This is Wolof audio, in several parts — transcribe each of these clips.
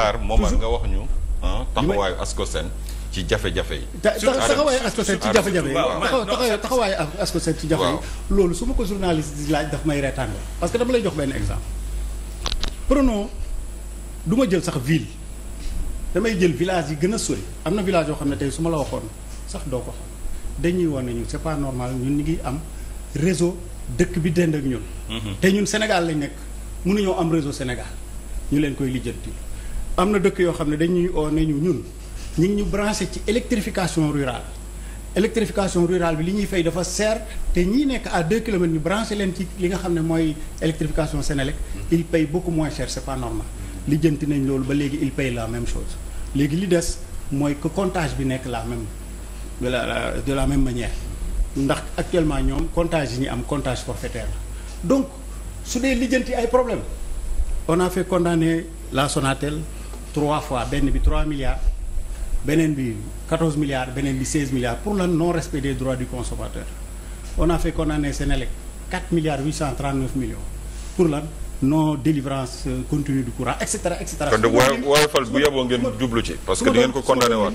xaar Momar nga wax ñu ah, taxawaayu Ascosen ci jafe-jafe yi. taxawaayu Ascosen ci jafe-jafe yi taxawaayu Ascosen ci jafe yi loolu su ma ko journaliste di laaj daf may reetaan parce que dama lay jox benn exemple prenons du ma jël sax ville damay jël village yi gën a sori am na village yoo xam ne tey su ma la waxoon sax doo ko xam dañuy wan ne ñun c'est pas normal ñun ñu ngi am réseau dëkk bi dend ak ñun mhm. te ñun Sénégal lañ nekk mënuñoo am réseau Sénégal ñu leen koy lijjanti am na dëkk yoo xam ne dañuy oo ne ñu ñun ñu ngi ñu branché ci électrification rural électrification rural bi li ñuy fay dafa seer te ñi nekk à deux kilomètres ñu branché leen ci li nga xam ne mooy électrification Sénélec il paye beaucoup moins cher c'est pas normal li nañ loolu ba léegi il paye la même chose léegi li des mooy que comptage bi nekk la même de la de la même manière ndax actuellement ñoom comptage yi ñu am comptage forfaitaire la donc su dee lijjanti ay problème on la Sonatel trois fois benn bi trois milliards beneen bi quatorze milliards beneen bi seize milliards pour lan le non respect des droits du naa on a fait condamner Senelec quatre milliards huit cent trente neuf millions pour lan non délivrance euh, continue du courant et cetera et cetera. kon de Woyofal bu yeboo ngeen jublu ci. parce que di ngeen ko condamné waat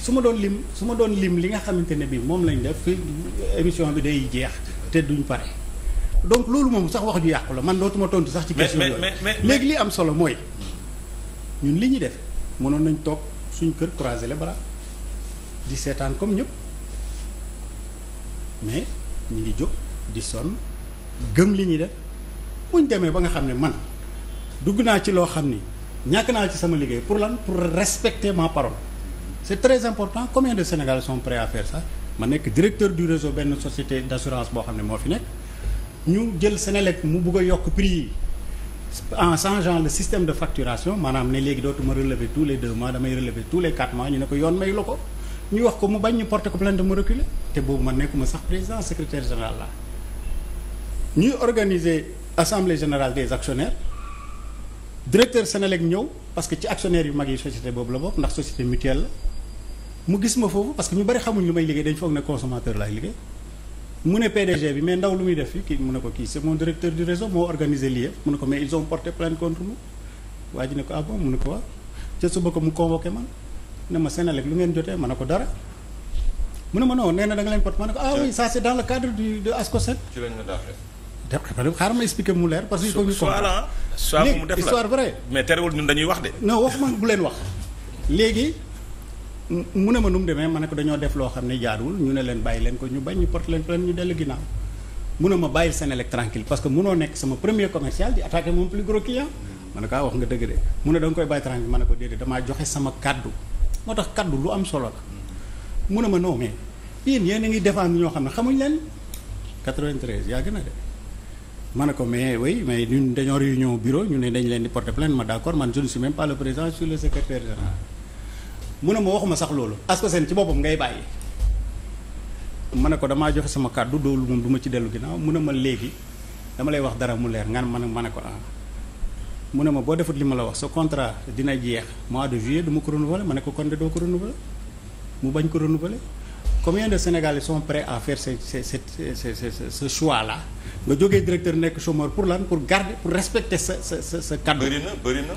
su ma doon lim su ma doon lim li nga xamante ne bi moom lañ def émission bi day jeex te duñ pare donc loolu moom sax wax ju yàqu la man dootuma tontu sax. ci question yooyu léegi li am solo mooy. ñun li ñuy def mënoon nañ toog suñ kër croiser les di seetaan comme ñëpp mais ñu ngi jóg di sonn gëm li ñuy def buñ demee ba nga xam ne man dugg naa ci loo xam ni ñàkk naa ci sama liggéey pour lan pour respecter ma parole c'est très important combien de Sénégalais sont prêts à faire ma nekk directeur du réseau benn société d'assurance boo xam ne moo fi nekk ñu jël Sénélec mu bugg a yokk prix yi en changeant le système de facturation maanaam ne léegi dootuma relever tous les deux mois damay relever tous les quatre mois ñu ne ko yoon mayu la ko ñu wax ko mu bañ ñu porter ko plainte mu reculer te boobu man nekkuma sax président secrétaire général la ñuy organiser assemblée générale des actionnaires directeur Sénélec ñëw parce que ci actionnaire yu mag yi société boobu la bokk ndax société mutuelle la mu gis ma foofu parce que ñu bari xamuñ mu ne PDG bi mais ndaw lu muy def fii kii mu ne ko kii c'est mon directeur du réseau moo organisé lii yëpp mu ne ko mais ils ont porté plainte contre nous waa ji ne ko ah mu ne ko waaw ca suba ko mu convoqué man ne ma Sénélec lu ngeen jotee ma ne ko dara mu ne ma non nee na da nga leen porté ma ne ko ah oui ça c'est dans le cadre du de ASCOSEN. xaaral ma expliquer mu leer parce que. il faut ñu comprendre soit mu def la histoire vraie. mais terewul ñun dañuy wax de. non waxuma bu leen wax léegi. mu ne ma nu mu demee ma ne ko dañoo def loo xam ne jaarul ñu ne leen bàyyi leen ko ñu bañ ñu porte leen plainte ñu dellu ginnaaw mu ne ma bàyyil Senelec tranquille parce que munoo nekk sama premier commercial di attaqué mon plus gros client ma ne ko ah, wax nga dëgg de mu ne da nga koy bàyyi tranquille ma ne ko déedéet joxe sama kaddu moo tax kaddu lu am solo mu ne ma non mais yéen yéen a ngi défendre ñoo xam ne xamuñ leen 93 yàgg na de ma ne ko mais oui mais ñun dañoo réunion bureau ñu ne dañ leen di porter plainte ma d'accord man je ne mu ne ma waxuma sax loolu asko seen ci boppam ngay bàyyi ma ne ko damaa joxe sama kàddu doolu moom duma ci dellu ginnaaw mun ne ma léegi dama lay wax dara mu leer ngan man ma ne ko ah mu ne ma boo defut li ma la wax sa contrat dina jeex mois de juillet du ma ko renouveler ma ne ko kon de doo ko renouveler mu bañ ko renouveler combien de sénégal sont son à faire ce ce ce ce ce choix là nga jógee directeur nekk chômeur pour lan pour garder pour respecter sa sa sa sa kàddu. bëri bëri na.